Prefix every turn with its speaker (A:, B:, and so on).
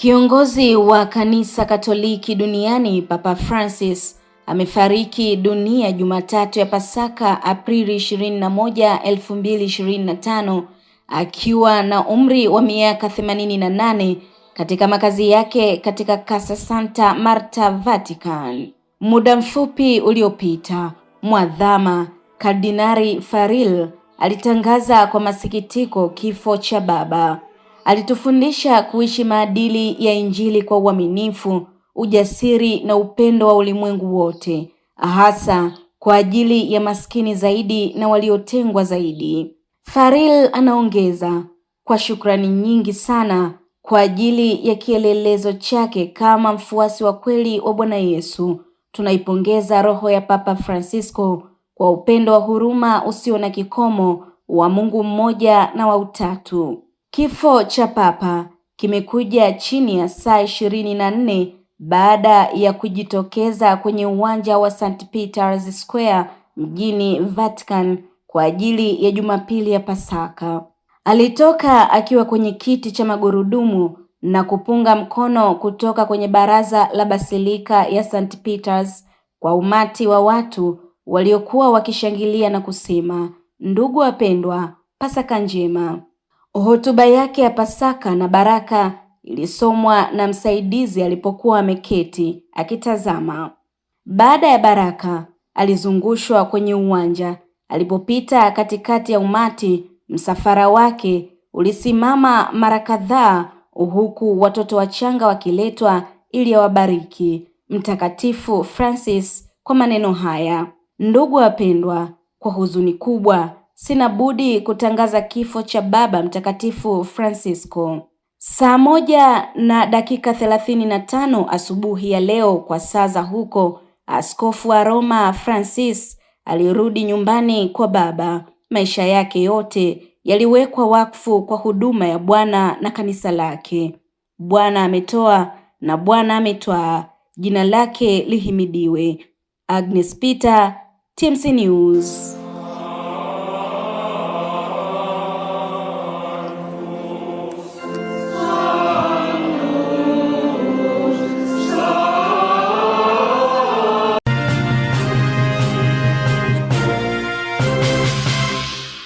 A: Kiongozi wa kanisa Katoliki duniani Papa Francis amefariki dunia Jumatatu ya Pasaka Aprili 21, 2025 akiwa na umri wa miaka 88 katika makazi yake katika Casa Santa Marta, Vatican. Muda mfupi uliopita, mwadhama Kardinari Faril alitangaza kwa masikitiko kifo cha Baba Alitufundisha kuishi maadili ya Injili kwa uaminifu, ujasiri na upendo wa ulimwengu wote, hasa kwa ajili ya maskini zaidi na waliotengwa zaidi. Faril anaongeza, kwa shukrani nyingi sana kwa ajili ya kielelezo chake kama mfuasi wa kweli wa Bwana Yesu. Tunaipongeza roho ya Papa Francisco kwa upendo wa huruma usio na kikomo wa Mungu mmoja na wa utatu. Kifo cha Papa kimekuja chini ya saa ishirini na nne baada ya kujitokeza kwenye uwanja wa St. Peter's Square mjini Vatican kwa ajili ya Jumapili ya Pasaka. Alitoka akiwa kwenye kiti cha magurudumu na kupunga mkono kutoka kwenye baraza la Basilika ya St. Peter's kwa umati wa watu waliokuwa wakishangilia na kusema, ndugu wapendwa, Pasaka njema. Hotuba yake ya Pasaka na Baraka ilisomwa na msaidizi alipokuwa ameketi akitazama. Baada ya baraka, alizungushwa kwenye uwanja. Alipopita katikati ya umati, msafara wake ulisimama mara kadhaa, huku watoto wachanga wakiletwa ili awabariki. Mtakatifu Francis kwa maneno haya: Ndugu wapendwa, kwa huzuni kubwa Sina budi kutangaza kifo cha Baba Mtakatifu Francisco. Saa moja na dakika thelathini na tano asubuhi ya leo kwa saa za huko, askofu wa Roma Francis alirudi nyumbani kwa Baba. Maisha yake yote yaliwekwa wakfu kwa huduma ya Bwana na kanisa lake. Bwana ametoa na Bwana ametwaa, jina lake lihimidiwe. Agnes Peter, TMC News.